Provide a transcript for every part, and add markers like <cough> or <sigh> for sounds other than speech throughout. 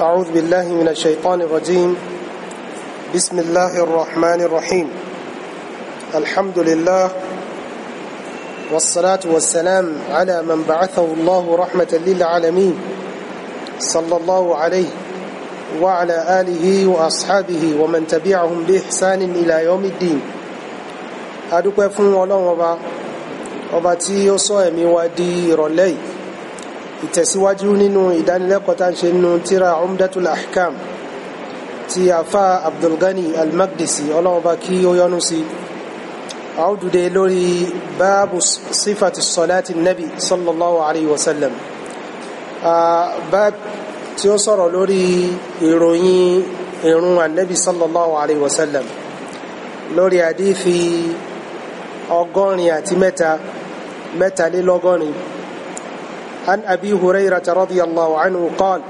أعوذ بالله من الشيطان الرجيم بسم الله الرحمن الرحيم الحمد لله والصلاة والسلام على من بعثه الله رحمة للعالمين صلى الله عليه وعلى آله وأصحابه ومن تبعهم بإحسان إلى يوم الدين أدوك فون ولون وبا وبا تي يوصو ودي رولي ìtẹ̀síwájú nínú ìdánilẹ́kọ̀ọ́ tá ń ṣe nínú tíra umdatul ahkam ti afa abdulgani almagdisi ọlọ́mọba kí ó yọ́nú sí a ó dùde lórí báàbù sífàtì sọláti nabi sallallahu alayhi wa sallam báàbù tí ó sọ̀rọ̀ lórí ìròyìn ìrun annabi sallallahu alayhi wa sallam lórí àdífi ọgọ́rin àti mẹ́ta mẹ́talélọ́gọ́rin عن أبي هريرة رضي الله عنه قال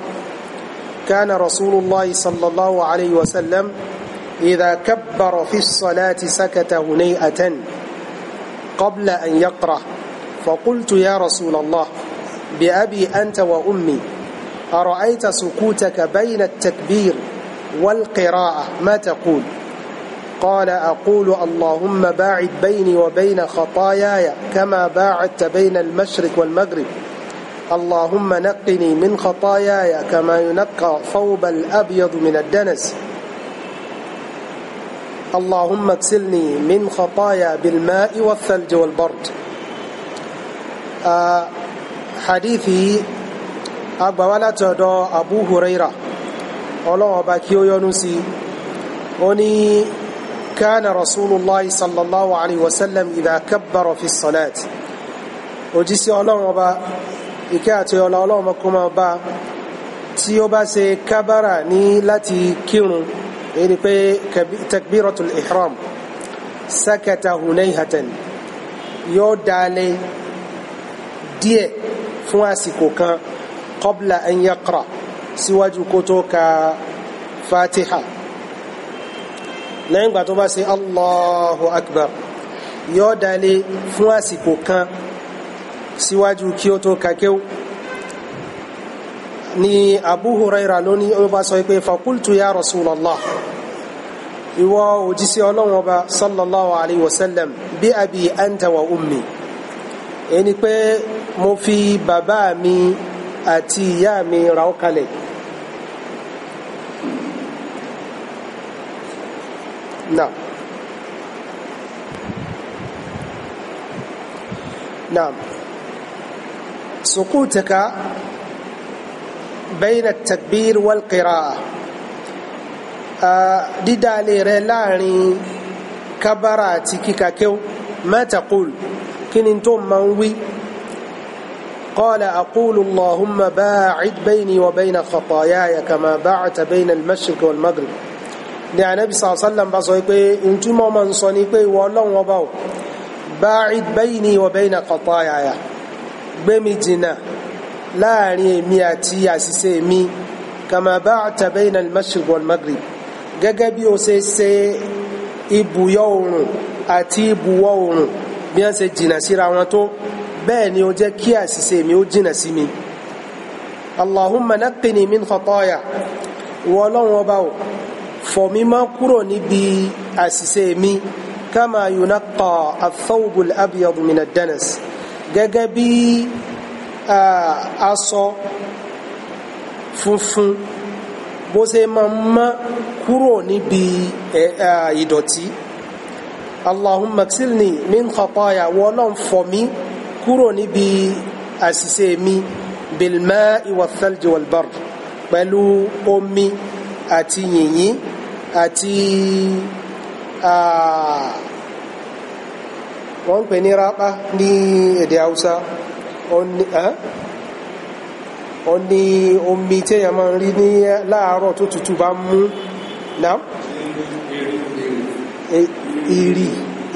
كان رسول الله صلى الله عليه وسلم إذا كبر في الصلاة سكت هنيئة قبل أن يقرأ فقلت يا رسول الله بأبي أنت وأمي أرأيت سكوتك بين التكبير والقراءة ما تقول قال أقول اللهم باعد بيني وبين خطاياي كما باعدت بين المشرق والمغرب اللهم نقني من خطاياي كما ينقى ثوب الأبيض من الدنس اللهم اغسلني من خطايا بالماء والثلج والبرد آه، حديثي أبا ولا تدو أبو هريرة الله أباكيو يونسي أني كان رسول الله صلى الله عليه وسلم إذا كبر في الصلاة وجيسي الله ọba ìkẹ́ àti ọlá ọlọ́run kó máa bá tí ó bá ṣe kábàrà ní láti kírun èyí ni pé takbiratul ihram sakata hunayhatan yóò dalẹ̀ díẹ̀ fún àsìkò kan qabla an yaqra síwájú kó tó ka fatiha lẹ́yìn gbà tó bá ṣe allahu akbar yóò dalẹ̀ fún àsìkò kan síwájú kí ó tó kakéw ni abu huraira lónìí ó bá sọ pé fakultu ya rasulallah ìwọ òjíṣẹ́ ọlọ́run ọba sallallahu alayhi wa sallam bí abi anta wa ummi ẹni pé mo fi bàbá mi àti ìyá mi ra ọ́ Naam سقوطك بين التكبير والقراءة dídálé rẹ láàrin kábàrà àti ما تقول kí ni tó قال أقول اللهم باعد بيني وبين خطاياي كما باعدت بين المشرق والمغرب ní Ànábì sàásàlám bá sọ pé ntúmọ̀ máa ń sọ ni pé ìwọ Ọlọ́run ọba ò باعد بيني وبين خطاياي gbẹ́mi jìnnà láàrin èmi àti àṣìṣe mi kama ba'ta bayna al-mashriq wal-maghrib gẹ́gẹ́ bí o ṣe ṣe ibùyọ oòrùn àti ibùwọ̀ oòrùn bí wọ́n ṣe jìnnà síra wọn tó bẹ́ẹ̀ ni o jẹ́ kí àṣìṣe mi ó jìnnà sí mi allahumma naqqini min khataya wọ́n ọlọ́run ọba o fọ̀ mí mọ́ kúrò níbi àṣìṣe mi kama yunaqqa ath-thawbul abyad danas gẹ́gẹ́ bí aṣọ funfun bó ṣe máa ń mọ́ kúrò níbi ìdọ̀tí allahumma ksilni min khataya wọlọ́n fọ̀ mí kúrò níbi àṣìṣe mi bilma iwathalji walbar pẹ̀lú omi àti yìnyín àti wọ́n ń pè ní rápá ní èdè haúsá ó ní omi tí èyàn máa ń rí ní láàárọ̀ tó tutù bá mú náà e, ìrì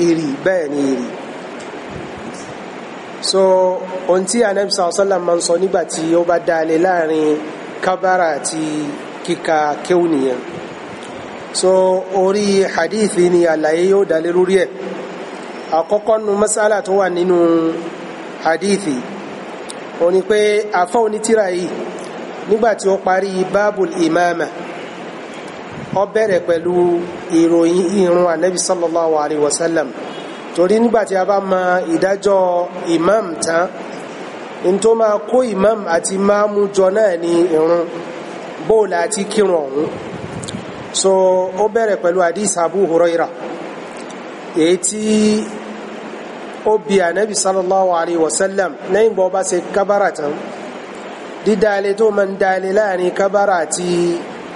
ìrì bẹ́ẹ̀ ni ìrì so ohun tí anẹ́bísà ọ̀sánlá máa ń sọ nígbàtí ó bá dáalé láàrin kábára àti kíka kéwù nìyẹn so orí hadithi ni àlàyé yóò dálé lórí ẹ̀ àkọ́kọ́ nu masala tó wà nínú hadithi ó ní pé afa onítìrà yìí nígbàtí ó parí babul imama ó bẹ̀rẹ̀ pẹ̀lú ìròyìn irun anabi sallallahu alaihi wasallam sallam torí nígbàtí a bá mọ ìdájọ́ imam tán n tó máa kó imam àti máàmù jọ náà ní irun bóòlù àti kírun ọ̀hún so ó bẹ̀rẹ̀ pẹ̀lú hadith abu èyí tí ó bi ànábì sallallahu alayhi wa sallam lẹ́yìn bọ́ bá ṣe kábàrà tán dídáalé tó máa ń dáalé láàrin kábàrà àti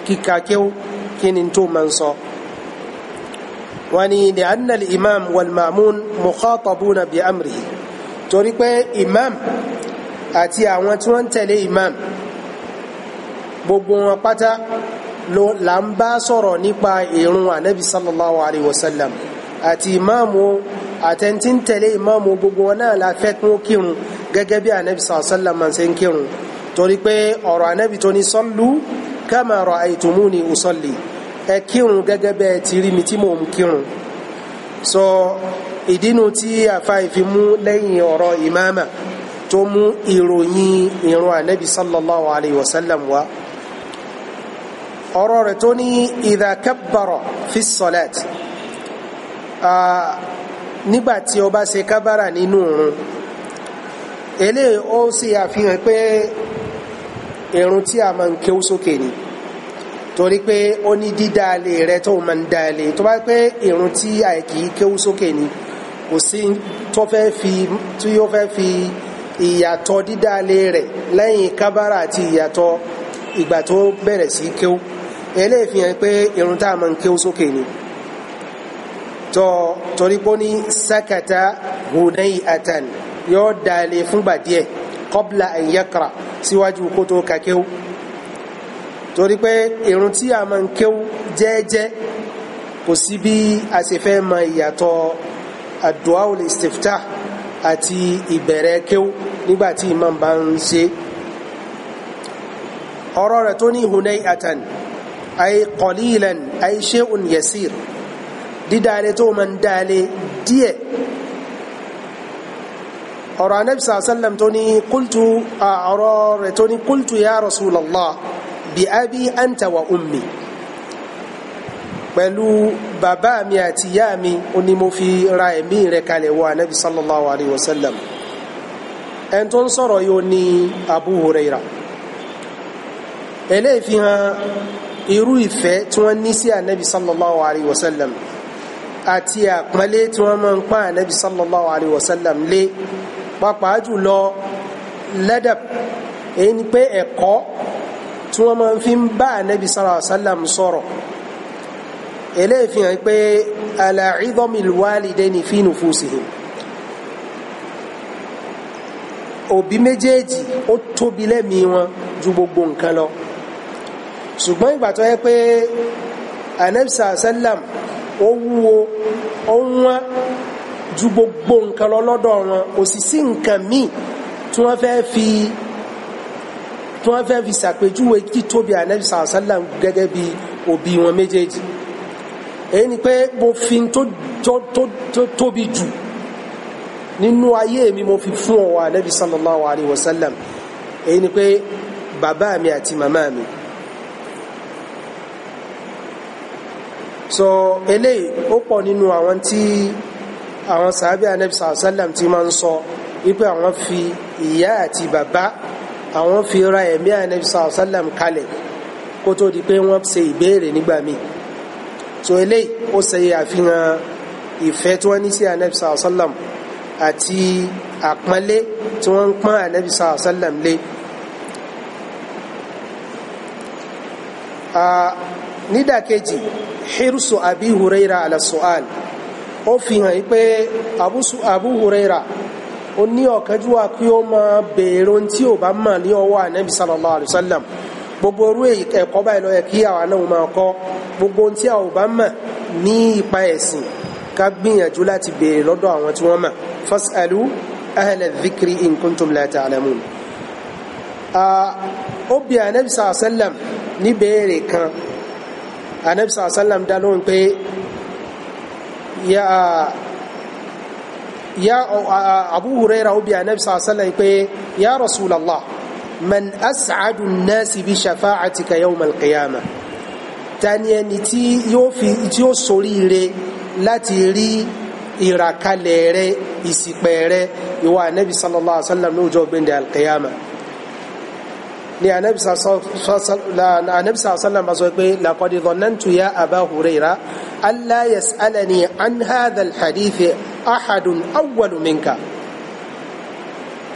kíka kéw kí ni tó máa ń sọ. wọ́n ní ní anna imam wal ma'mun mukhatabuna bi amrihi torí pé imam àti àwọn tí wọ́n tẹ̀lé imam gbogbo wọn pátá ló là ń bá sọ̀rọ̀ nípa ìrun ànábì sallallahu alayhi wa sallam àti imam o àtẹ̀ntí ń tẹ̀lé ìmáàmù gbogbo wọn náà la fẹ́ kún kírun gẹ́gẹ́ bí anabi sàlọ́ sàlọ́ máa ń ṣe ń kírun torí pé ọ̀rọ̀ anabi tó ní sọ́lú kama ra'aytumuni usalli ẹ kírun gẹ́gẹ́ bẹ́ẹ̀ ti rí mi tí mò ń kírun sọ ìdínú tí àfa ìfimú lẹ́yìn ọ̀rọ̀ ìmáàmà tó mú ìròyìn ìrun anabi sallallahu alayhi wa sallam wa ọ̀rọ̀ rẹ̀ tó ní idha kabbara fi sọ̀lẹ́t nígbàtí ó bá ṣe kábàrà nínú òrun eléyìí ó ṣe àfihàn pé irun a máa ń kéwú sókè ni torí pé ó ní dídáalé rẹ tó máa ń dáalé tó bá pé irun tí a kì í kéwú sókè ni kò sí tó fẹ́ fi tí ó fẹ́ fi ìyàtọ̀ dídáalé rẹ̀ lẹ́yìn kábàrà àti ìyàtọ̀ ìgbà tó bẹ̀rẹ̀ sí kéwú eléyìí fi hàn pé irun a máa ń kéwú sókè ni tó torí pé ó ní sakata hunayi atan yóò dalẹ̀ fúngbà díẹ̀ kọ́bla ẹ̀yẹ́kara síwájú kó tó ka kéwú torí pé irun tí a máa ń kéwú jẹ́ẹ́jẹ́ kò sí bí a ṣe fẹ́ mọ ìyàtọ̀ àdúà ul àti ìbẹ̀rẹ̀ kéwú nígbà tí imam bá ń ṣe ọ̀rọ̀ rẹ̀ tó ní hunayi atan ay qalilan ay shay'un yasir dídáre tó máa ń dáre díẹ̀ ọ̀rọ̀ anabi sàásálàm tó ní kúltù ọ̀rọ̀ rẹ̀ tó ní kúltù ya rasulallah bi abi anta wa ummi pẹ̀lú bàbá mi àti ìyá mi ó ní mo fi ra ẹ̀mí rẹ̀ kalẹ̀ wọ anabi sallallahu alayhi wa sallam ẹn tó ń sọ̀rọ̀ yóò ní abu huraira eléyìí fi hàn irú ìfẹ́ tí wọ́n ní sí anabi sallallahu alayhi wa sallam àti àpọ́nlé tí wọ́n máa ń pa ànábì sallallahu alayhi wa sallam lé pàápàá jùlọ lẹ́dàb èyí ni pé ẹ̀kọ́ tí wọ́n máa fi ń bá ànábì sallallahu alayhi wa sallam sọ̀rọ̀ eléyìí fi hàn pé ala idhamil walidayni fi nufusihim òbí méjèèjì ó tóbi lẹ́mi wọn ju gbogbo nǹkan lọ ṣùgbọ́n ìgbà tó yẹ pé anabisa sallam ó wúwo ó wọ́n ju gbogbo nǹkan lọ lọ́dọ̀ wọn kò sì sí nǹkan míì tí wọ́n fẹ́ fi tí wọ́n fẹ́ fi ṣàpèjúwe títóbi ànábì sàlọ́sálà gẹ́gẹ́ bí òbí wọn méjèèjì èyí ni pé mo fi tó tóbi jù nínú ayé mi mo fi fún ọwọ́ ànábì sallallahu alayhi wa èyí ni pé bàbá mi àti màmá mi. so eléyìí ó pọ̀ nínú àwọn tí àwọn sàábì anabi sàlám ti máa ń sọ wípé àwọn fi ìyá àti bàbá àwọn fi ra ẹ̀mí anabi sàlám kalẹ̀ kó tó di pé wọ́n ṣe ìbéèrè nígbà míì so eléyìí ó ṣe àfihàn ìfẹ́ tí wọ́n ní sí anabi sàlám àti àpọ́nlé tí wọ́n ń pọ́n anabi sàlám lé. Ah, nídàkejì hirsu abi huraira ala su'al ó fi hàn pé abu huraira ó ní ọ̀kánjúwà kí ó máa béèrè ohun tí ò bá mọ̀ ní ọwọ́ ànábì sallallahu alayhi wa sallam gbogbo orú ẹ̀kọ́ báyìí ló yẹ kí àwa náà máa kọ́ gbogbo ohun tí a ò bá mọ̀ ní ipa ẹ̀sìn ká gbìyànjú láti béèrè lọ́dọ̀ àwọn tí wọ́n mọ̀ fasalu ahla dhikri in kuntum la ta'lamun. ó bi ànábì sallallahu alayhi wa sallam ní kan anabi sàlá sàlám dá lóhùn pé ya ya abu huraira ó bi anabi sàlá sàlám pé ya rasulallah man as'adu an-nasi bi shafa'atika yawm al-qiyamah tani ẹni tí yóò fi tí yóò ṣoríire láti rí ìràkalẹ̀ rẹ ìṣìpẹ̀ rẹ ìwà anabi sallallahu alaihi wa sallam lóòjọ́ gbẹ̀ndẹ̀ al-qiyamah ni anabi sallam bá sọ pé laqad dhanantu ya aba huraira alla yas'alani an hadha alhadith ahadun awwalu minka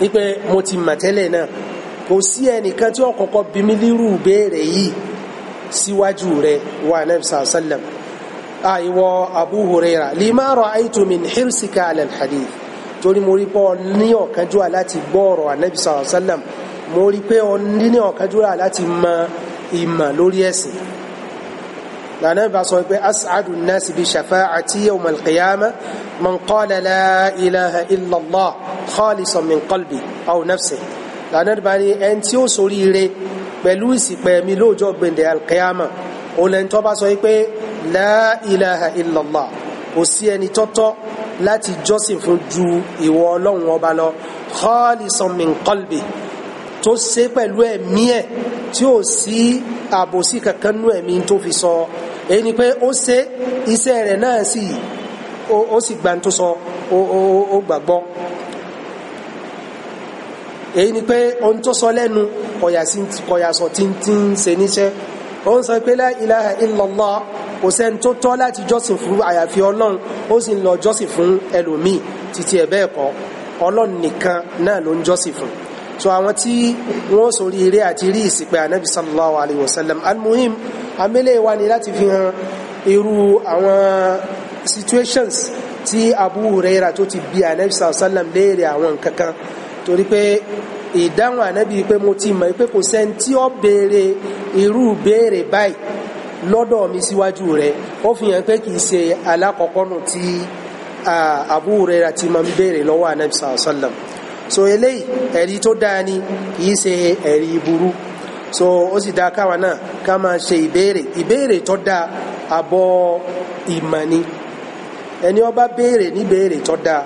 wípé mo ti mà tẹ́lẹ̀ náà kò sí ẹnìkan tí ó kọ́kọ́ bi mí lírú béèrè yìí síwájú rẹ̀ wà anabi sallam àìwọ abu huraira lima ra'aytu min hirsika ala alhadith torí mo rí pọ́ ní ọ̀kanjú aláti gbọ́ ọ̀rọ̀ anabi sallam mo rí pé o ní ní ọ̀kánjúrà láti mọ ìmọ̀ lórí ẹ̀sìn lànà bá sọ pé as'adu nasi bi shafa'ati yawm al-qiyamah man qala la ilaha illallah khalisan min qalbi aw nafsi lànà bá ní ẹni tí ó sorí ire pẹ̀lú ìsìpẹ̀ lóòjọ́ gbẹ̀ndẹ̀ al-qiyamah olẹ́ntọ́ bá sọ pé la ilaha kò sí ẹni tọ́tọ́ láti jọ́sìn fún ju ìwọ ọlọ́run ọba lọ khalisan min qalbi tó ṣe pẹ̀lú ẹ̀mí ẹ̀ tí ó sí àbòsí kankan nú ẹ̀mí tó fi sọ èyí ni pé ó ṣe iṣẹ́ rẹ̀ náà sì ó sì gbà tó sọ ó gbàgbọ́ èyí ni pé ohun tó sọ lẹ́nu kọ̀yàsọ̀ tí ń ṣe níṣẹ́ ó ń sọ pé la ilaha illallah kò sẹ́ni tó tọ́ láti jọ́sìn fún àyàfi ọlọ́run ó sì ń lọ jọ́sìn fún ẹlòmíì títí ẹ̀ bẹ́ẹ̀ ọlọ́run nìkan náà ló ń jọ́sìn fún un so àwọn tí wọ́n sórí eré àti rí ìsìnkú anabi sallallahu alayhi wa sallam almuhim amẹ́lẹ̀ wa ni láti fi hàn irú àwọn situations tí abu huraira tó ti bi anabi sallallahu alayhi wa sallam léèrè àwọn nǹkan kan torí pé ìdáhùn ànábì pé mo ti mọ̀ pé kò sẹ́ni tí ó béèrè irú béèrè báyìí lọ́dọ̀ mi síwájú rẹ̀ ó fi hàn pé kìí ṣe alákọ̀ọ́kọ́ nù tí Abu Hurairah ti máa ń béèrè lọ́wọ́ ànábì sallallahu alaihi wasallam so eléyìí ẹ̀rí tó dáa ni kìí ṣe ẹ̀rí burú so ó sì dáa káwa náà ká máa ṣe ìbéèrè ìbéèrè tó dáa abọ́ ìmọ̀ ni ẹni ọba bá béèrè ní béèrè tó dáa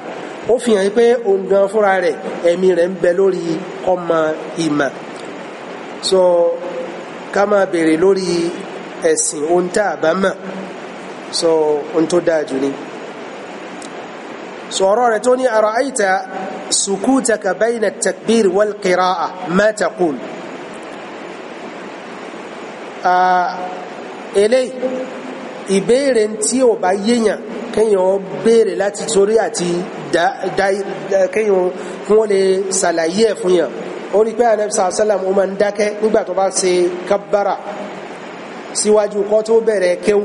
ó fi hàn pé òun gan fúnra rẹ̀ ẹ̀mí rẹ̀ ń bẹ lórí ọmọ ìmọ̀ so ká máa béèrè lórí ẹ̀sìn ohun tá a bá mọ̀ so ohun tó dáa jù ni sọ̀rọ̀ rẹ̀ tó ní ara àìta سكوتك بين التكبير والقراءة ما تقول eléyìí ìbéèrè tí ò bá yéèyàn kéèyàn béèrè láti torí àti kéèyàn kí wọ́n lè ṣàlàyé ẹ̀ fún yàn ó rí pé anabisa salam ó máa ń dákẹ́ nígbà tó bá ṣe kábàrà síwájú kó tó bẹ̀rẹ̀ kéw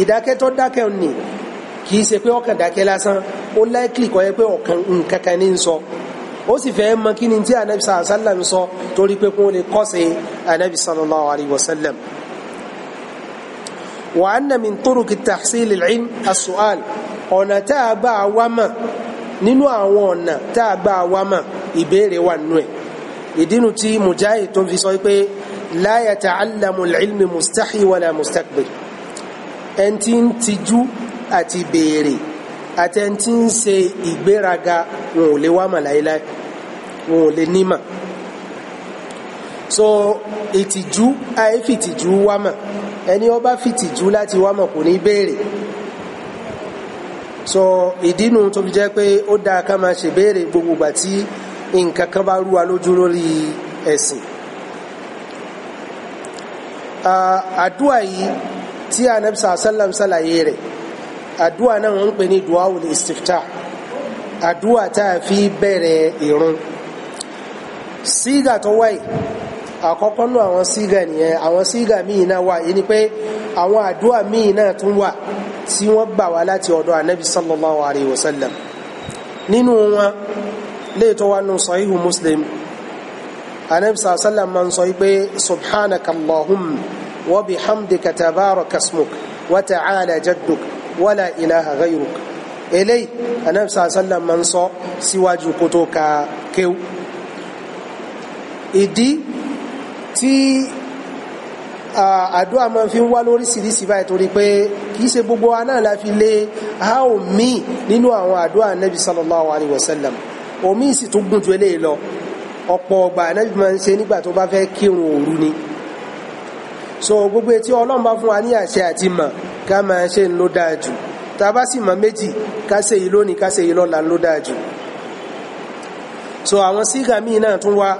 ìdákẹ́ tó dákẹ́ ni kì í ṣe pé ọkàn dákẹ́ lásán ó láìkìlì kọ́ yẹ pé ọ̀kan nǹkankan ní sọ ó sì fẹ́ mọ kí ni tí anabi sallam sọ torí pé kó lè kọ́sẹ̀ anabi sallallahu alayhi wa sallam. wa anna min turuki tahsil al-ilm as-su'al ọ̀nà tá a bá a wá mọ̀ nínú àwọn ọ̀nà tá a bá a wá mọ̀ ìbéèrè wà nù ẹ̀ ìdínú tí mujahid tó fi sọ pé la yata'allamu al-ilm mustahi wala mustakbir ẹni tí ń tijú àti béèrè àti ẹni tí ń ṣe ìgbéraga wọn ò lè wá mà láéláé wọn ò lè nímà so ìtìjú àìfìtìjú wá mà ẹni ó bá fìtìjú láti wá mà kò ní béèrè so ìdínú tó fi jẹ́ pé ó dáa ká máa ṣe béèrè gbogbo ìgbà tí nǹkan kan bá rú wa lójú lórí ẹ̀sìn àdúrà yìí tí anabisa sallam ṣàlàyé rẹ̀ àdúà náà wọ́n ń pè ní dùá wòlé istiftah àdúà tá a fi bẹ̀rẹ̀ ìrun sígà tó wáyé àkọ́kọ́ náà àwọn sígà nìyẹn àwọn sígà míì náà wà yìí ni pé àwọn àdúà míì náà tún wà tí wọ́n gbà wá láti ọ̀dọ̀ ànábì sallallahu alayhi wa sallam nínú wọn léètò wa nù sahihu muslim ànábì sallallahu alayhi wa sallam pé subhanakallahum wa bihamdika tabaraka ismuk wa ta'ala jadduk wala ilaha ghayruk eléyìí anabi sallam máa ń sọ síwájú kó tó ka kéw ìdí tí àdúrà máa fi ń wá lóríṣiríṣi báyìí torí pé kìí ṣe gbogbo wa náà la fi lé a ò mí nínú àwọn àdúrà anabi sallallahu alayhi wa sallam omi sì tún gùn ju eléyìí lọ ọ̀pọ̀ ọgbà anabi máa ń ṣe nígbà tó bá fẹ́ kírun òru ni so gbogbo etí ọlọ́run bá fún wa ní àṣẹ àti mọ̀ ká máa ṣe ń ló dáa jù tá a bá sì mọ méjì ká ṣe yìí lónìí ká ṣe yìí lọ́la ló dáa jù so àwọn sígà míì náà tún wá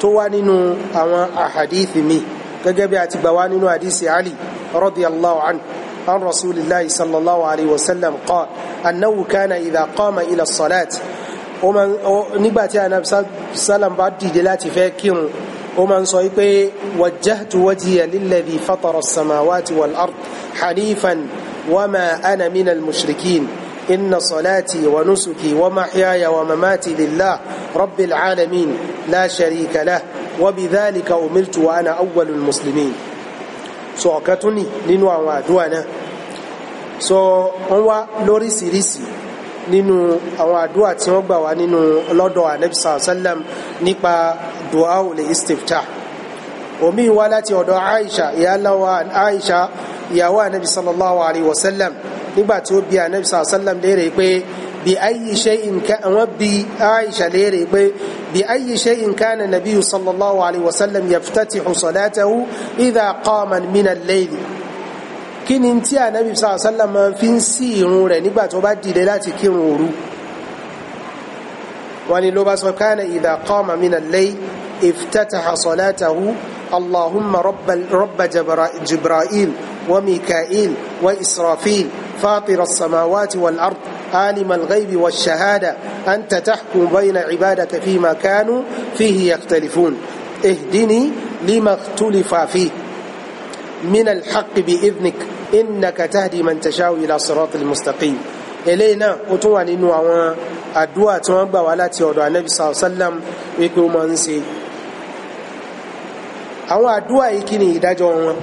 tó wá nínú àwọn àhàdíìfì míì gẹ́gẹ́ bí a ti gbà wá nínú àdíìsì Ali radiyallahu anhu an rasulillahi sallallahu alayhi wa sallam qala annahu kana idha qama ila salat nígbà tí anabi sallam bá dìde láti fẹ́ kírun ó máa ń sọ wípé wajjahtu wajhiya lilladhi fatara as-samawati wal ard hanifan wa ma ana mina al-mushrikin inna salati wa nusuki wa mahyaya wa mamati lillah rabbil alamin la sharika lah wa bidhalika umirtu wa ana awwalul muslimin so ọ̀kan tún ni nínú àwọn àdúrà náà so wọ́n nínú àwọn àdúrà tí wọ́n gbà wá nínú lọ́dọ̀ anabi sallam nípa dua ul istiftah omi wá láti ọ̀dọ̀ aisha ìyáláwa aisha ìyàwó anabi sallallahu alayhi wa sallam nígbà tí ó bi anabi sallam léèrè pé bi ayi shay'in ka àwọn bi aisha léèrè pé bi ayi shay'in kana nabiyu sallallahu alayhi wa sallam yaftatihu salatahu idha kí ni tí ànábì sàásálà ma fi ń sí irun rẹ̀ nígbà tó bá dìde láti kírun òru wọ́n ní ló bá sọ kana idha qama mina al-layl iftataha salatahu allahumma rabba jibra'il wa mika'il wa israfil samawati wal ard alim al ghaibi السماوات shahada anta tahkum bayna أنت fi ma kanu fihi yakhtalifun ihdini lima اهدني لما min al haqq bi بإذنك innaka tahdi man tashaw ila siratil mustaqim eléyìí náà ó tún wà nínú àwọn àdúrà tí wọ́n gbà wá láti ọ̀dọ̀ anabi sàlọ sálàm wípé ó máa ń ṣe àwọn àdúrà yìí kí ni ìdájọ́ wọn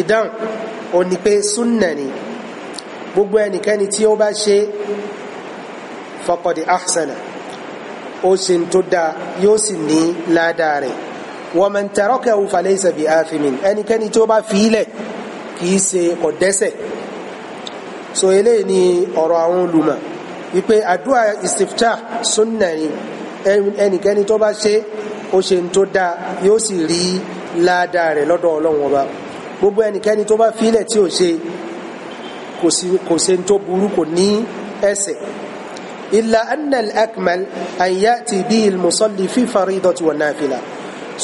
ìdáhùn ó ni gbogbo ẹnikẹ́ni tí ó bá ṣe faqad ahsana ó ṣe ń tó dáa yóò sì ní ládàá ومن تركه فليس بآثم ẹni kẹ́ni tó bá fi ilẹ̀ kìí ṣe kò dẹ́ṣẹ̀ so eléyìí ni ọ̀rọ̀ àwọn olùmọ̀ wípé àdúrà istiftah sunna ni ẹnikẹ́ni tó bá ṣe ó ṣe ń tó dáa yóò sì rí ládàá rẹ̀ lọ́dọ̀ ọlọ́run ọba gbogbo ẹnikẹ́ni tó bá fi tí ò ṣe kò ṣe ń tó burú kò ní ẹ̀ṣẹ̀ illa anna akmal an ya'ti bihi al-musalli fi faridati wa nafila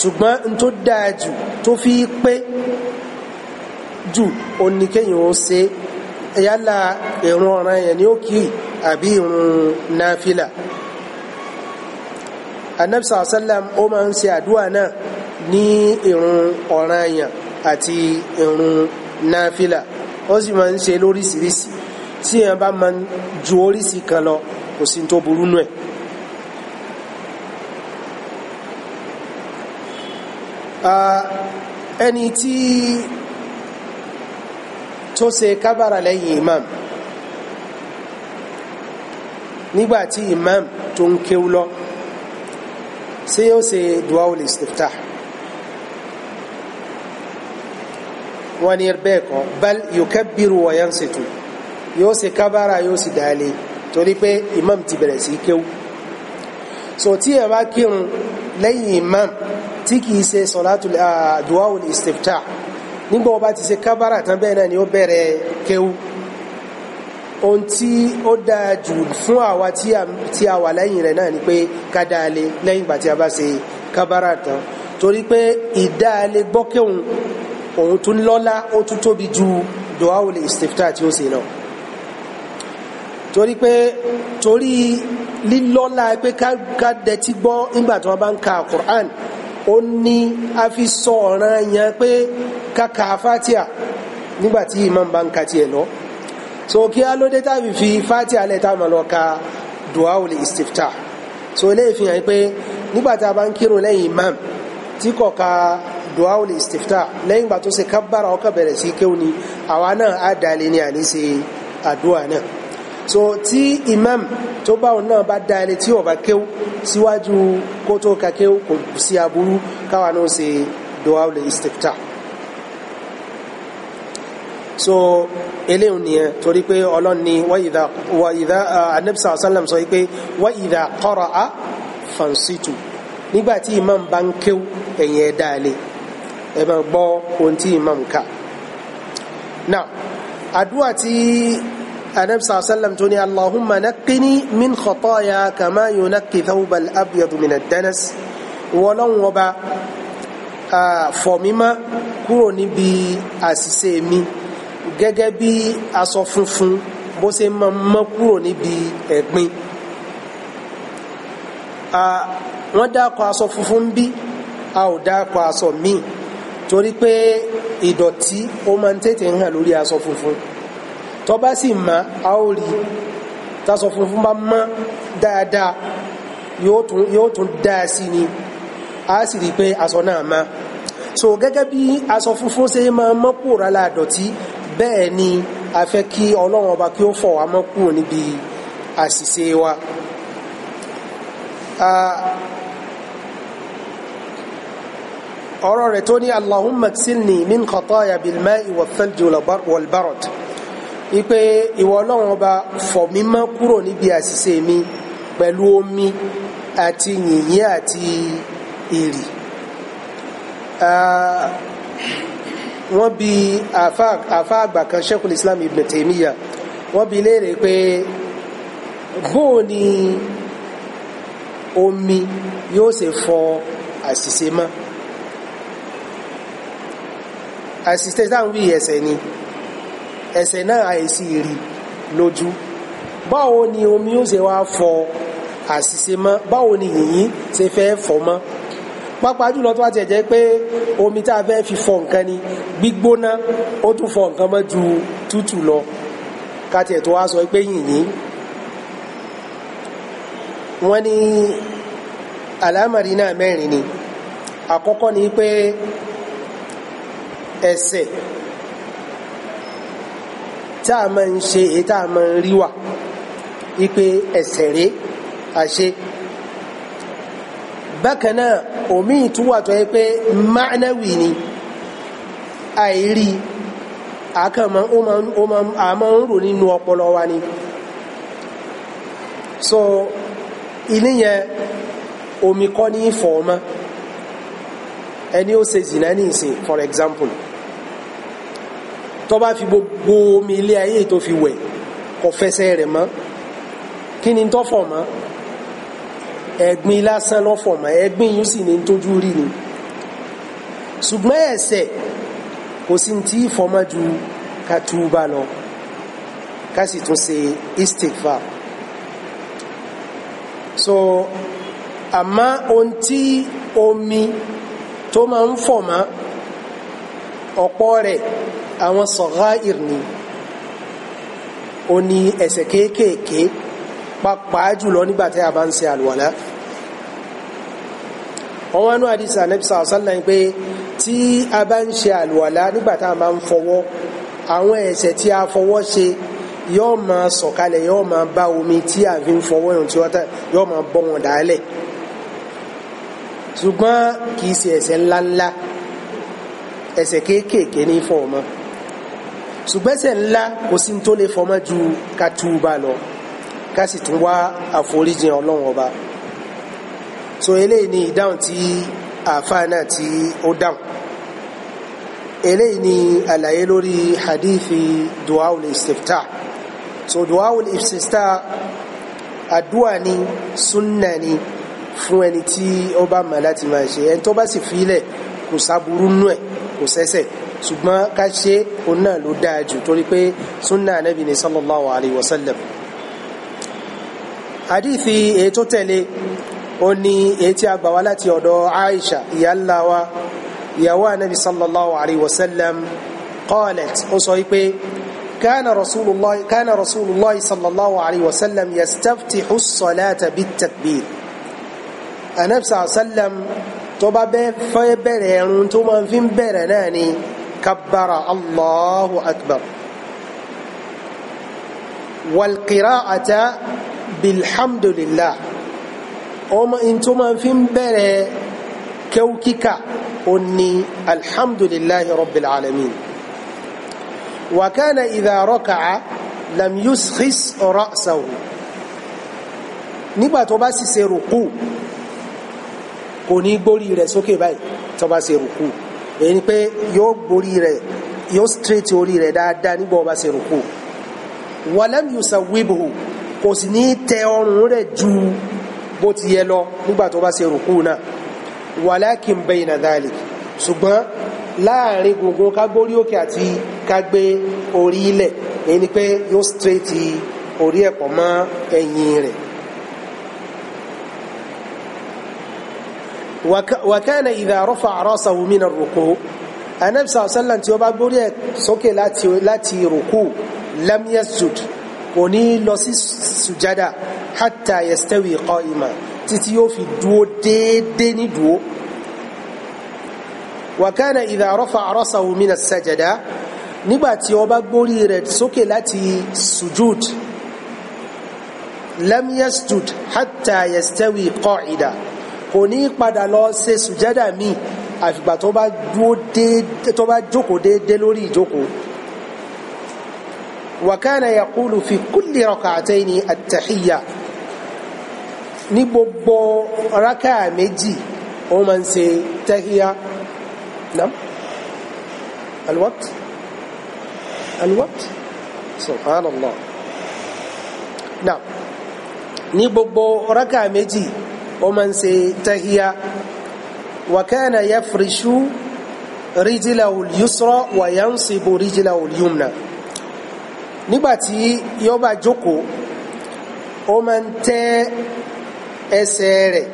ṣùgbọ́n n tó dáa jù tó fi pé jù oníkéyìn ó ṣe yálà ìrun ọ̀ràn yẹn ni ó kì í àbí ìrun náfìlà anabi sàlá sàlám ó máa ń ṣe àdúrà náà ní ìrun ọ̀ràn yẹn àti ìrun náfìlà ó sì máa ń ṣe lóríṣiríṣi tí èèyàn bá máa ju oríṣi kan lọ kò sí tó burú nù ẹni tí tó ṣe kábàrà lẹ́yìn imam nígbàtí imam tó ń kéwú lọ ṣé yóò ṣe duawul istiftah wọ́n ní bẹ́ẹ̀ kọ́ bal yukabbiru wa yansitu yóò ṣe kábàrà yóò sì dálé torí pé imam ti bẹ̀rẹ̀ sí kéwú so tí ẹ bá kírun lẹ́yìn imam tí kìí ṣe sọ̀látù àdúwáwò istiftah nígbà wọ́n bá ti ṣe kábàrà tán bẹ́ẹ̀ náà ni ó bẹ̀rẹ̀ kéwú ohun tí ó dáa jù fún àwa tí a wà lẹ́yìn rẹ̀ náà ni pé ká dáalé lẹ́yìn ìgbà tí a bá ṣe kábàrà tán torí pé ìdáalé gbọ́kẹ́hùn òun tún lọ́lá ó tún tóbi ju dùwáwò istiftah tí ó ṣe náà torí pé torí lílọ́lá pé ká dẹtí gbọ́ nígbà tí wọ́n bá ń ka Qur'an ó ní a fi sọ ọ̀ràn yẹn pé ká ka fatia nígbà tí imam bá ń ka tiẹ̀ lọ so kí á lóde tàbí fi fatia lẹ̀ tá a máa lọ ka duawul istiftah so eléyìí fi hàn pé nígbà tá a bá ń kírun lẹ́yìn imam tí kò ka duawul istiftah lẹ́yìn ìgbà tó ṣe kábàrà ọkọ̀ bẹ̀rẹ̀ sí kéwù ni àwa náà á dalẹ̀ ní àníṣe àdúrà náà so ti imam tó bá òun náà bá dá ẹni tí ó bá kéwú síwájú kó tó ka kéwú kò sí aburú káwa náà ṣe dùwà lè istifta so eléyìí nìyẹn torí pé ọlọ́run ni wa idha wa idha anabisa asalam sọ pé wa idha qara'a fansitu nígbà tí imam bá ń kéwú ẹ̀yin ẹ̀ dá ẹni ẹ máa gbọ́ ohun tí imam kà náà àdúrà tí anabi sàlá sàlám tó ní allahumma nakini min khataya kama yunaki thawbal abyadu min ad-danas wọlọ́wọ́n ọba fọ̀ mí mọ́ kúrò níbi àṣìṣe mi gẹ́gẹ́ bí aṣọ funfun bó ṣe mọ́ mọ́ kúrò níbi ẹ̀gbin wọ́n dákọ̀ aṣọ funfun bí a ò dákọ̀ aṣọ míì torí pé ìdọ̀tí ó máa ń tètè hàn lórí aṣọ funfun tó bá sì mọ́ a ó rí tasọ funfun bá mọ́ dáadáa yóò tún dáa sí ni a sì rí pé aṣọ náà mọ́ so gẹ́gẹ́ bí aṣọ funfun ṣe máa mọ́ kúrò ládọ̀tí bẹ́ẹ̀ ni a fẹ́ kí ọlọ́run ọba kí ó fọ̀ wá mọ́ kúrò níbi àṣìṣe wa. ọ̀rọ̀ rẹ̀ tó ní allahumma ksilni min khataya bilma'i wal thalji wal barad ipe ìwọ ọlọ́run ọba fọ̀ mí mọ́ kúrò níbi àṣìṣe mi pẹ̀lú omi àti yìnyín àti ìrì wọ́n bi àfa àgbà kan Sheikhul Islam Ibn Taymiyyah wọ́n bi léèrè pé bóò ni omi yóò ṣe fọ̀ àṣìṣe mọ́ àṣìṣe táwọn wí ẹ̀ṣẹ̀ ni. ẹsẹ̀ náà àìsí rí lójú báwo ni omi ó se wá fọ àṣìṣe mọ́ báwo ni yìnyín ṣe fẹ́ fọ mọ́ pápá jùlọ tó pé omi tá a fẹ́ fi fọ nǹkan ni gbígbóná ó tún fọ nǹkan mọ́ ju tútù lọ ká tiẹ̀ wá sọ pé yìnyín wọ́n ní àlámàrí náà ni àkọ́kọ́ ni tá a máa ń ṣe èyí tá a máa ń rí wà ipe ẹsẹ̀ rẹ̀ àṣe bákan náà omi ìtúwà tó yẹ pé mánáwì ni àìrí àkàmọ́ àmọ́ ń rò nínú ọpọlọ wa ni so ilé yẹn omi kọ́ ní ìfọ̀ọ́mọ́ ẹni ó ṣe zìnà ní ìsìn for example tó bá fi gbogbo omi ilé ayé tó fi wẹ̀ kò fẹsẹ̀ rẹ̀ mọ́ kí ni tó fọ̀ mọ́ ẹ̀gbin lásán ló fọ̀ mọ́ ẹ̀gbin yìí sì ni tójú rí ni ṣùgbọ́n ẹ̀ṣẹ̀ kò sí ti fọmọ́ ju ká túbà lọ ká sì tún ṣe istighfar so àmọ́ ohun tí omi tó máa ń fọ̀ mọ́ ọ̀pọ̀ rẹ̀ àwọn sọ̀gáìr ni ó ní ẹ̀ṣẹ̀ kéékèèké pàápàá jùlọ nígbà tí a bá ń ṣe àlùwàlá wọ́n wá ní àdìsí ànábì sàásánlá ń pé tí a bá ń ṣe àlùwàlá nígbà a máa ń fọwọ́ àwọn ẹ̀ṣẹ̀ tí a fọwọ́ ṣe yóò máa sọ̀kalẹ̀ yóò máa bá omi tí a fi ń fọwọ́ ẹ̀hún tí yóò máa bọ́ wọn dálẹ̀ ṣùgbọ́n kì í ṣe ẹ̀ṣẹ̀ ńláńlá ẹ̀ṣẹ̀ kéékèèké ní fọ̀ọ́mọ́ ṣùgbẹ́sẹ̀ ńlá kò sí tó lè fọmọ́ ju ká túbà lọ ká tún wá àforíjìn ọlọ́run ọba so eléyìí ni ìdáhùn tí àáfàá náà tí ó dáhùn eléyìí ni àlàyé lórí hadithi duawul istifta so duawul istifta àdúà ni sunna ni fún ẹni tí ó bá mọ̀ láti máa ṣe ẹni tó bá sì fi kò sáburú nú ẹ̀ kò sẹ́sẹ̀ ṣùgbọ́n ká ṣe òun náà ló dáa jù torí pé sunna anabi ni sallallahu alayhi wa sallam hadithi èyí tó tẹ̀lé ó ní èyí tí a gbà wá láti ọ̀dọ̀ Aisha ìyá ńlá wa ìyàwó anabi sallallahu alayhi wa sallam ó sọ wípé كان رسول الله كان رسول الله صلى الله عليه وسلم يستفتح الصلاة بالتكبير النبي tó bá bẹ́ fẹ́ bẹ̀rẹ̀ ẹ̀rùn tó máa fi bẹ̀rẹ̀ náà ni كبر الله أكبر والقراءة بالحمد لله أما أنتم في مبرة كوكك أني الحمد لله رب العالمين وكان إذا ركع لم يسخس رأسه nígbà tó bá sì ṣe rùkú kò ní gbórí rẹ̀ sókè èyí ni pé yóò borí ori yóò straight orí rẹ̀ dáadáa nígbà ọba ṣe rúkú wàlẹ́m yusawwibuhu kò sì ní tẹ ọrùn ti yẹ lọ nígbà tó bá ṣe rúkú náà walakin bayna dhalik ṣùgbọ́n láàrin gungun kágbórí òkè àti kágbé orí ilẹ̀ èyí pé yóò straight orí ẹ̀pọ̀ mọ́ ẹ̀yìn وكان إذا رفع راسه من الركوع النبي صلى الله عليه وسلم تيوبا بوريا سوكي لا تي ركوع لم يسجد وني لوسي سجدا حتى يستوي قائما تيتيو في دو دي ديني دو وكان إذا رفع راسه من السجدة نبا تيوبا بوريا سوكي لا سجود لم يسجد حتى يستوي قاعده kò ní padà lọ ṣe sùjádà míì àfìgbà tó bá dúó déédé tó bá jókòó déédé lórí ìjókòó wa kana yaqulu fi kulli rak'ataini at-tahiyya ní gbogbo rákà méjì ó máa ń ṣe tahiyya nam alwaqt alwaqt subhanallah nam ní gbogbo rákà méjì ó máa ń ṣe tahiya wa kana yafrishu rijlahu al-yusra wa yansibu rijlahu al-yumna nígbàtí yóò bá jókòó ó máa ń tẹ ẹsẹ̀ rẹ̀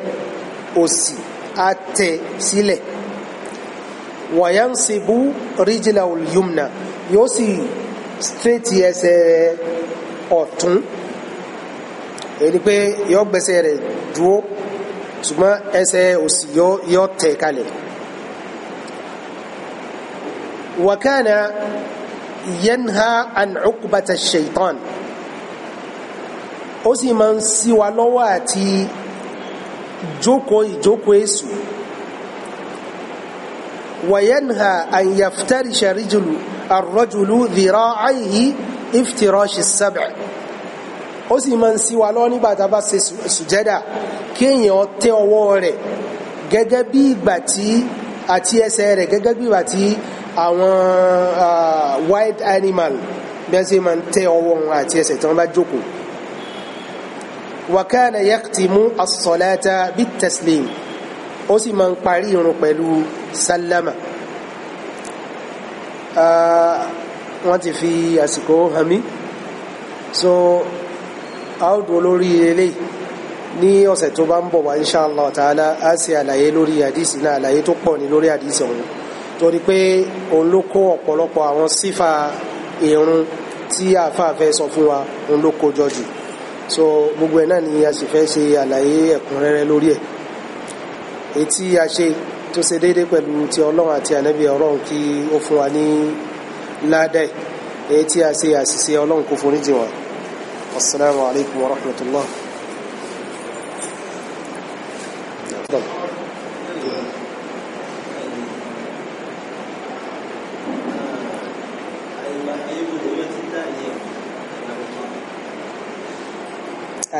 òsì á tẹ̀ sílẹ̀ wa yansibu rijlahu al-yumna yóò sì straight ẹsẹ̀ ọ̀tún èyí pé yóò gbẹ́sẹ̀ rẹ̀ dúró ṣùgbọ́n ẹsẹ̀ òsì yọ tẹ̀ kalẹ̀ wakana yanha an uqbata shaitan ó sì máa ń ṣí wa lọ́wọ́ àti jókòó ìjókòó èṣù وينهى أن يفترش رجل الرجل ذراعيه افتراش السبع ó sì máa ń sí wa lọ nígbà tá a bá ṣe sùjẹ́dà kí èèyàn tẹ ọwọ́ rẹ̀ gẹ́gẹ́ bí ìgbà tí àti ẹsẹ̀ rẹ̀ gẹ́gẹ́ bí ìgbà tí àwọn wild animal bí wọ́n ṣe máa ń tẹ ọwọ́ wọn àti ẹsẹ̀ tí wọ́n bá jókòó wakana yaktimu as-salata bit-taslim ó sì máa ń parí irun pẹ̀lú sálámà wọ́n ti fi àsìkò hàn mí so a ó dúró lórí eléyìí ní ọ̀sẹ̀ tó bá ń bọ̀ wá insha Allah ta'ala á ṣe àlàyé lórí àdìsí náà àlàyé tó pọ̀ ní lórí àdìsí ọ̀hún torí pé òun ló kó ọ̀pọ̀lọpọ̀ àwọn sífà irun tí àáfàá sọ fún wa òun ló kó jọ so gbogbo ẹ̀ náà ni a sì fẹ́ ṣe àlàyé ẹ̀kúnrẹ́rẹ́ lórí ẹ̀ èyí a ṣe tó ṣe déédéé pẹ̀lú ti ọlọ́run àti ànábì ọlọ́run kí ó fún wa ní ládàá èyí tí a ṣe àṣìṣe ọlọ́run kò foríjì wọn. السلام عليكم ورحمة الله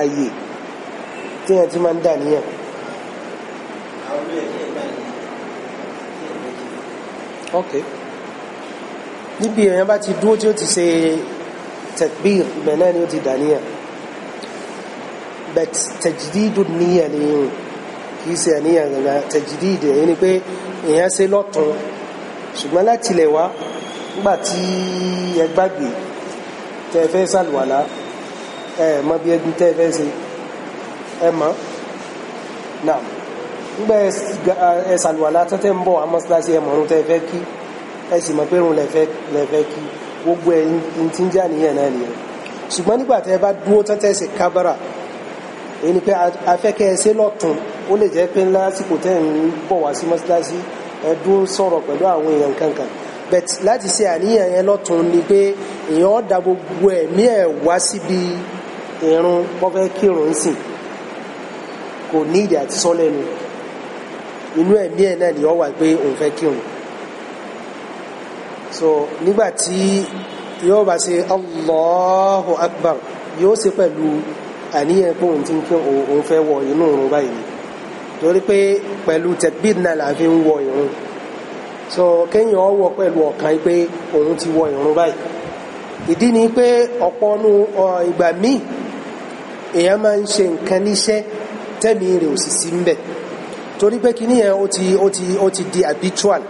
ayé tí ẹ ti máa ń dà níyàn ok níbi èèyàn bá ti dúró tí ó ti ṣe takbir ibẹ̀ náà ni ó ti dàníyà but tajdidu níyà ni yìí kìí ṣe àníyàn gbẹ̀ngà tajdidu èyí ni pé èèyàn ṣe lọ́tún ṣùgbọ́n láti ilẹ̀ wá nígbà tí ẹ gbàgbé tẹ́ fẹ́ sàlùwàlá ẹ mọ bí ẹgbẹ́ tẹ́ fẹ́ ṣe ẹ mọ́ náà nígbà ẹ sàlùwàlá tẹ́tẹ́ ń bọ̀ àmọ́ síláṣí ẹ mọ̀rún tẹ́ fẹ́ kí ẹ sì mọ̀ pé irun lẹ fẹ́ kí gbogbo ẹ̀yìn tí ń já nìyẹn náà nìyẹn ṣùgbọ́n nígbà bá dúró tẹ́tẹ́ kábàrà èyí ni pé afẹ́kẹ́ ẹ ṣe lọ́tún ó lè jẹ́ pé lásìkò tẹ́ ń bọ̀ wá sí mọ́síláṣí ẹ dúró sọ̀rọ̀ pẹ̀lú àwọn èèyàn kankan but láti ṣe àníyàn yẹn lọ́tún ni pé èèyàn da gbogbo ẹ̀mí ẹ̀ wá síbi ìrun pọ́fẹ́ kírun ń sìn kò ní ìdí àti sọ́lẹ́nu inú ẹ̀mí ẹ̀ náà ni ọ wà pé òun fẹ́ kírun so nígbàtí yóò bá ṣe allahu akbar yóò ṣe pẹ̀lú àníyàn pé òun ti kí òun fẹ́ wọ inú òun báyìí torí pé pẹ̀lú tẹ̀gbìn náà la ń wọ ìrun so kéèyàn wọ pẹ̀lú ọ̀kan pé òun ti wọ ìrun báyìí ìdí ni pé ọ̀pọ̀ nu ìgbà míì èèyàn máa ń ṣe nǹkan níṣẹ́ tẹ́mi rẹ̀ ò sí ń bẹ̀ torí pé kíní yẹn ó ti di habitual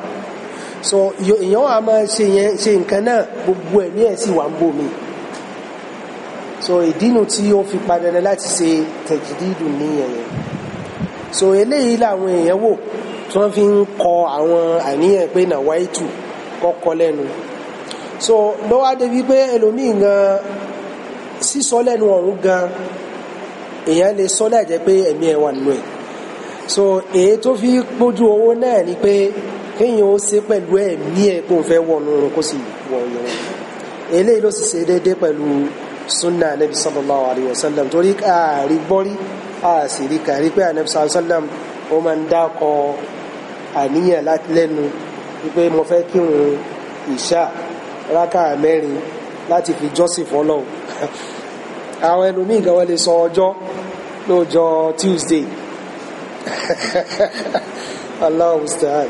so èèyàn wà máa ṣe yẹn ṣe nǹkan náà gbogbo ẹ̀ ní ẹ̀ sì wà ń bò mí so ìdínú tí ó fi padà láti ṣe tẹ̀jìdìdù ní ẹ̀yẹn so eléyìí làwọn èèyàn wò tí wọ́n fi ń kọ àwọn àníyàn pé nàwáìtù kọ́kọ́ lẹ́nu so lọ́wọ́ adébí pé ẹlòmíì gan sísọ lẹ́nu ọ̀hún gan èèyàn lè sọ láì jẹ́ pé ẹ̀mí ẹ̀ wà nínú ẹ̀ so èyí tó fi pójú owó náà ni pé kéèyàn ó ṣe pẹ̀lú ẹ̀mí ẹ̀ kó fẹ́ wọnú oorun kó sì wọ oorun eléyìí ló sì ṣe déédéé pẹ̀lú sunna anabi sallallahu alayhi wa sallam torí ààrí gbọ́rí àṣírí kàrí pé anabi sallallahu alayhi wa sallam ó máa ń dákọ àníyàn lẹ́nu wípé mo fẹ́ kírun ìṣá rákà mẹ́rin láti fi jọ́sìn fọ́lọ́hùn <laughs> àwọn ẹlòmíì gan wọ́n lè sọ ọjọ́ lóòjọ́ Tuesday <laughs> Allah musta'an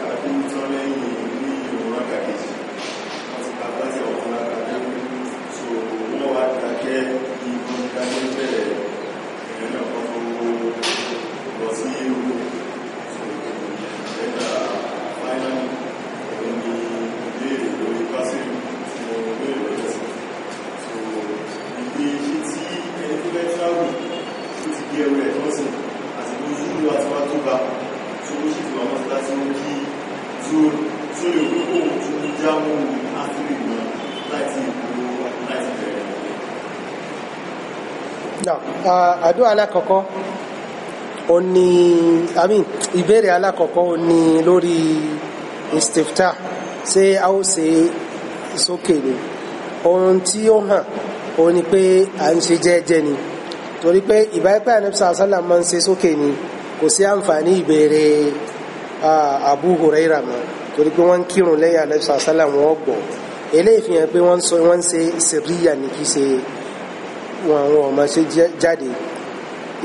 bí ẹrù ẹ̀ tó ń sìn àti ojú ìlú àti wọn tó ga tó ó sì fi wọn mọ́ta tí ó kí tí ó lè kó òun tó ń já mú ní áfírí náà láti ìlú láti bẹ̀rẹ̀. àdúrà alákọ̀ọ́kọ́ ó ní i ìbéèrè alákọ̀ọ́kọ́ ó ní lórí istifta ṣé a ó ṣe sókè ni ohun tí ó hàn ó ní pé à ń ṣe jẹ́ẹ́jẹ́ ni. Okay, torí pé ìbáyẹ̀pẹ́ àníbísà sálà máa ń ṣe sókè ni kò sí àǹfààní ìbéèrè Abu Huraira mọ́ torí pé wọ́n ń kírun lẹ́yìn àníbísà sálà wọ́n gbọ́ eléyìí fi hàn pé wọ́n ń ṣe sirriya ní kí ṣe wọn àwọn ọmọ ṣe jáde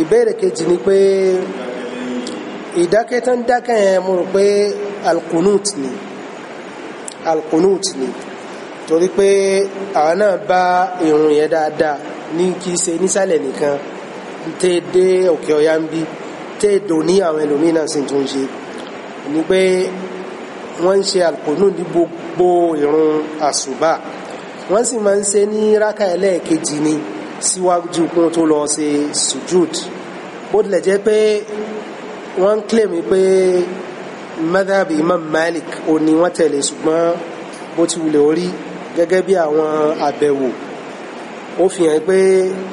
ìbéèrè kejì ni pé ìdákẹ́ tó ń dákẹ́ yẹn mo rò pé alkunut ni alkunut ni torí pé àwọn náà bá ìrun yẹn dáadáa ní kí ṣe nísàlẹ̀ nìkan tẹ́ dé òkè ọ̀yá ń bí tẹ́ dò ní àwọn ẹlòmíì náà sì tún ṣe ni pé wọ́n ń ṣe àlùkòónù ní gbogbo ìrun àṣùbà wọ́n sì máa ń ṣe ní rákà ẹlẹ́ẹ̀kejì ni síwájú kún tó lọ ṣe sujud bó tilẹ̀ jẹ́ pé wọ́n ń claim pé madhab imam malik ò ní wọ́n tẹ̀lé ṣùgbọ́n bó ti wulẹ̀ orí gẹ́gẹ́ bí àwọn àbẹ̀wò ó fi hàn pé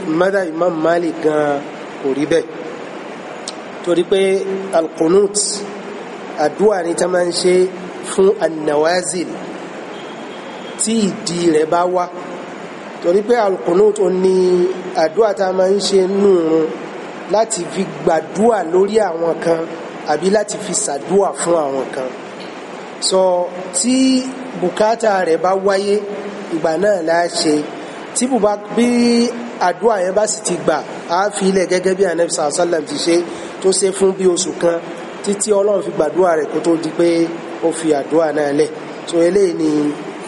mada imam Malik gan kò rí bẹ́ẹ̀ torí pé alkunut àdúrà ni tá máa ń ṣe fún annawazil tí ìdí rẹ̀ bá wá torí pé alkunut ó ní àdúrà tá máa ń ṣe nùrùn láti fi gbàdúrà lórí àwọn kan àbí láti fi ṣàdúrà fún àwọn kan sọ tí bùkátà rẹ̀ bá wáyé ìgbà náà la tí bùbá bí àdúrà yẹn bá sì ti gbà á fi ilẹ̀ gẹ́gẹ́ bí anabi sàlá sàlám ti ṣe tó ṣe fún bí oṣù kan títí ọlọ́run fi gbàdúrà rẹ̀ kó tó di pé ó fi àdúrà náà lẹ̀ tó eléyìí ni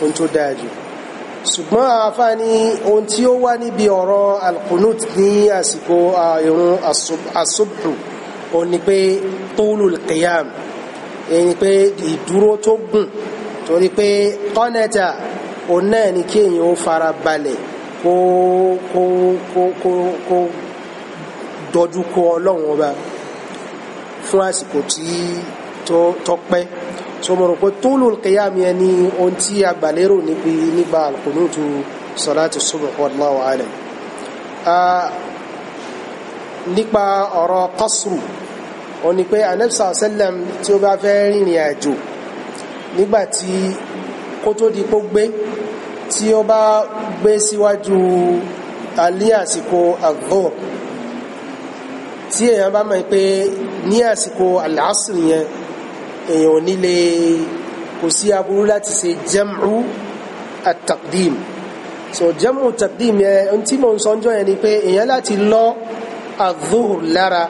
ohun tó dáa jù ṣùgbọ́n àfáà ní ohun tí ó wá níbi ọ̀rọ̀ alkunut ní àsìkò ìrun asubhu ó ní pé tulul qiyam èyí pé ìdúró tó gùn torí pé kọ́nẹ́tà òun náà ni kí èyàn ó fara balẹ̀ kó kó kó kó kó dọdú kọ ọlọ́run ọba fún àsìkò tí tọpẹ́ sọmọrò pé tóòlù kìyàmì ẹ ní ohun tí agbàlérò níbi nígbà alqunutu salatu subh wallahu alam nípa ọ̀rọ̀ kọ́sùrù ó ní pé anẹ́bísà sẹ́lẹ̀m tí ó bá fẹ́ rìnrìn àjò nígbàtí kó tó di kó tí ó bá gbé síwájú alé àsìkò àgbọ̀ tí èèyàn bá mọ̀ pé ní àsìkò àlàásìrì yẹn èèyàn ò nílé kò sí aburú láti ṣe jam'u at so jam'u taqdim yẹn tí mo ń sọ ọjọ́ yẹn ni pé èèyàn láti lọ àdúhùr lára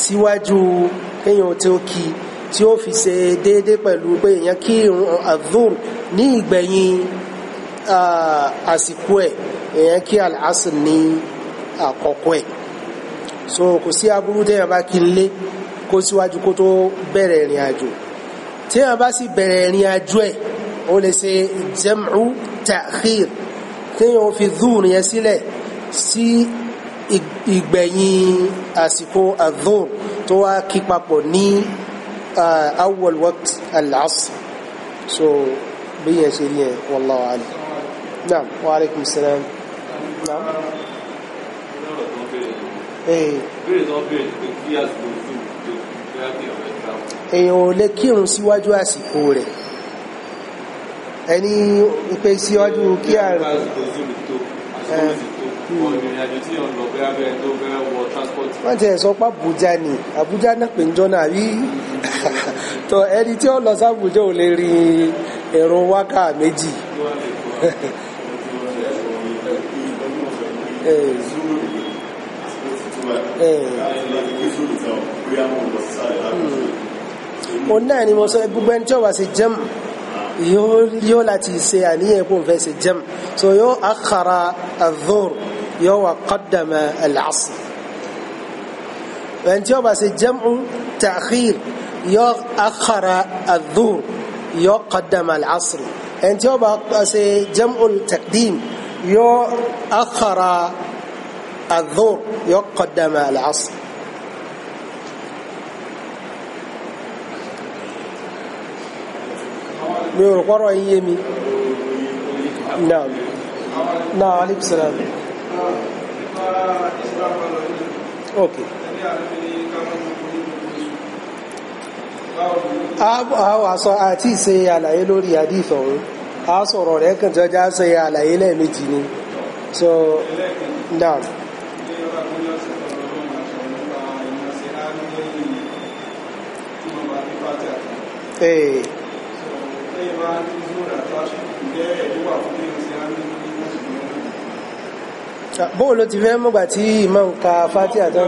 síwájú èèyàn tó kí i tí ó fi ṣe déédé pẹ̀lú pé èèyàn kí irun adúr ní ìgbẹ̀yìn àsìkò ẹ̀ èèyàn kí al ní àkọ́kọ́ ẹ̀ so kò sí aburú téèyàn bá kí n lé kó síwájú kó tó bẹ̀rẹ̀ ìrìn àjò téèyàn bá sì bẹ̀rẹ̀ ìrìn àjò ẹ̀ ó lè ṣe jam'u ta'khir téèyàn ó fi dúr yẹn sílẹ̀ sí ìgbẹ̀yìn àsìkò adúr tó wá kí papọ̀ ní awwal waqt al-asr so bí yẹn ṣe rí yẹn wallahu alim naam wa alaikum salam naam. èèyàn ò lè kírun síwájú àsìkò rẹ̀ ẹni pé síwájú kí àrùn wọ́n ti ẹ̀ sọ pé Àbújá ni Àbújá náà pè ń jọ náà rí tó ẹni tí ó lọ sábùjọ ò lè rí ẹ̀rùn wákà méjì. òun náà ni mo sọ gbogbo ẹni tí ó wá sí jẹ́mù yóò láti ṣe àníyàn kó n fẹ́ ṣe jẹ́mù so yóò akara adhur yóò wá qaddama al-asr ẹni tí ó wá sí jẹ́mù ta'khir. yọ akhara adhur yọ qaddama al'asr ẹni tí ó bá ṣe jam'ul taqdim yọ akhara adhur yọ qaddama al'asr mi ò rọ̀pọ̀rọ̀ iye mi náà náà alìbìsìlám ok. àwàsọ àti ìṣe àlàyé lórí àdìfọ̀ òun a sọ̀rọ̀ rẹ̀ kàn jọjá ṣe àlàyé lẹ́ẹ̀mejì ni so now eh. bóòlù ti fẹ́ mọ́gbà tí ìmọ̀ ń ka fátí àtọ́.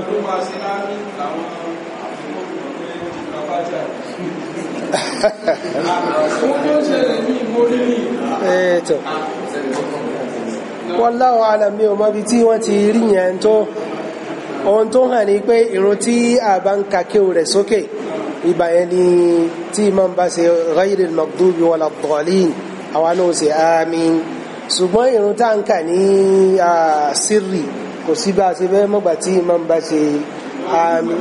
ẹ̀ẹ́tọ̀ wallahu alam mi ò mọ́bi tí wọ́n ti rí yẹn tó ohun tó hàn ní pé ìrun tí a bá ń kàkéwò rẹ̀ sókè ìgbà yẹn ni tí imam bá ṣe ghayril maghdubi wala ddallin àwa náà ṣe àmín ṣùgbọ́n ìrun tá ń kà ní sírì kò sí bá a ṣe bẹ́ẹ̀ mọ́gbà tí imam bá ṣe àmín.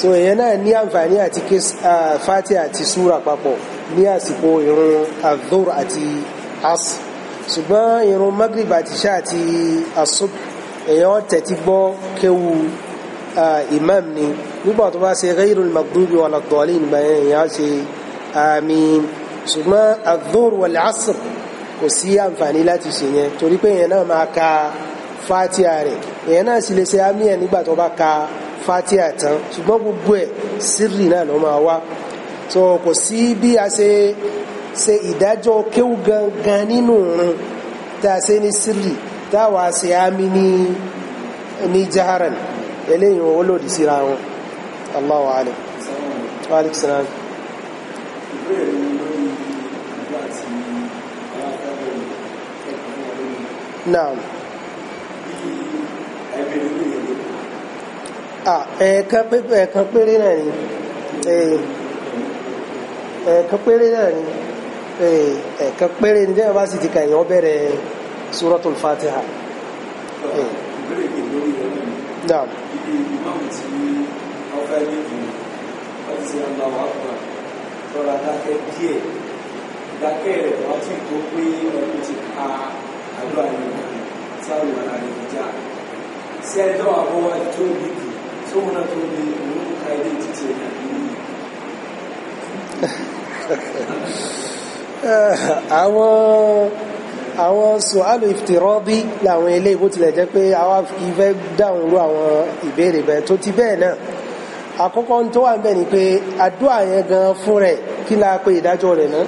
so èyàn náà ní àǹfààní àti fati àti súra papọ̀ ní àsìkò ìrun adhur àti as ṣùgbọ́n ìrun magrib àti ṣá àti asub èyàn tẹ̀tí gbọ́ kéwu imam ni nígbà tó bá ṣe ghayrul maghdubi wala ddalin nígbà yẹn èyàn ṣe àmín ṣùgbọ́n adhur wal asr kò sí àǹfààní láti ṣe yẹn torí pé èyàn náà máa ka fati rẹ̀ èyàn náà sì lè ṣe àmín nígbà tó bá ka fatia tán ṣùgbọ́n gbogbo ẹ̀ sírì náà ló máa wá tó kò sí bí a ṣe ṣe ìdájọ́ kéwú gangan nínú òun tá a ṣe ní sírì táwa ṣe ámì ní ní jaharan eléyìí wọn lòdì síra wọn Allahu alim wa ẹ̀ẹ̀kan ah, ẹ̀ẹ̀kan péré náà ni ẹ̀ẹ̀kan péré náà ni ẹ̀ẹ̀kan péré ní dẹ́yìn bá sì ti kàyàn bẹ̀rẹ̀ suratul fatiha. Naam. Ìdákẹ́ rẹ̀ wọ́n ti tó pé ọdún ti ka àdúrà nìkan sáré wọn àlejò já. Ṣé ẹjọ́ àbọ̀wá tó níbi tó wọn tó lè mú ka ilé títí ẹ̀ka nínú. <laughs> àwọn àwọn sùhálù ìfìtìrọ́bí làwọn ilé ìbò tilẹ̀ jẹ́ pé àwa ìfẹ́ dáhùn ru àwọn ìbéèrè bẹ́ẹ̀ tó ti bẹ́ẹ̀ náà àkọ́kọ́ tó wà bẹ́ẹ̀ ni pé àdúrà yẹn gan fún rẹ̀ kí la pe ìdájọ́ rẹ̀ náà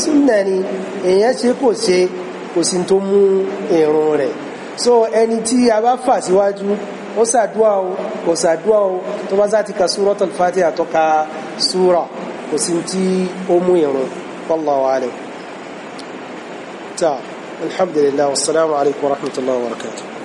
súnà ni èèyàn ṣe kò ṣe kò sí tó mú ìrun rẹ̀ so ẹni tí a bá fà síwájú ó ṣàdúà o kò ṣàdúà o tó bá sá ti ka Suratul Fatiha tó ka súra kò sí tí ó mú ìrun wallahu alim tá alhamdulillah wasalaamu alaykum wa rahmatullahi wa barakatuh.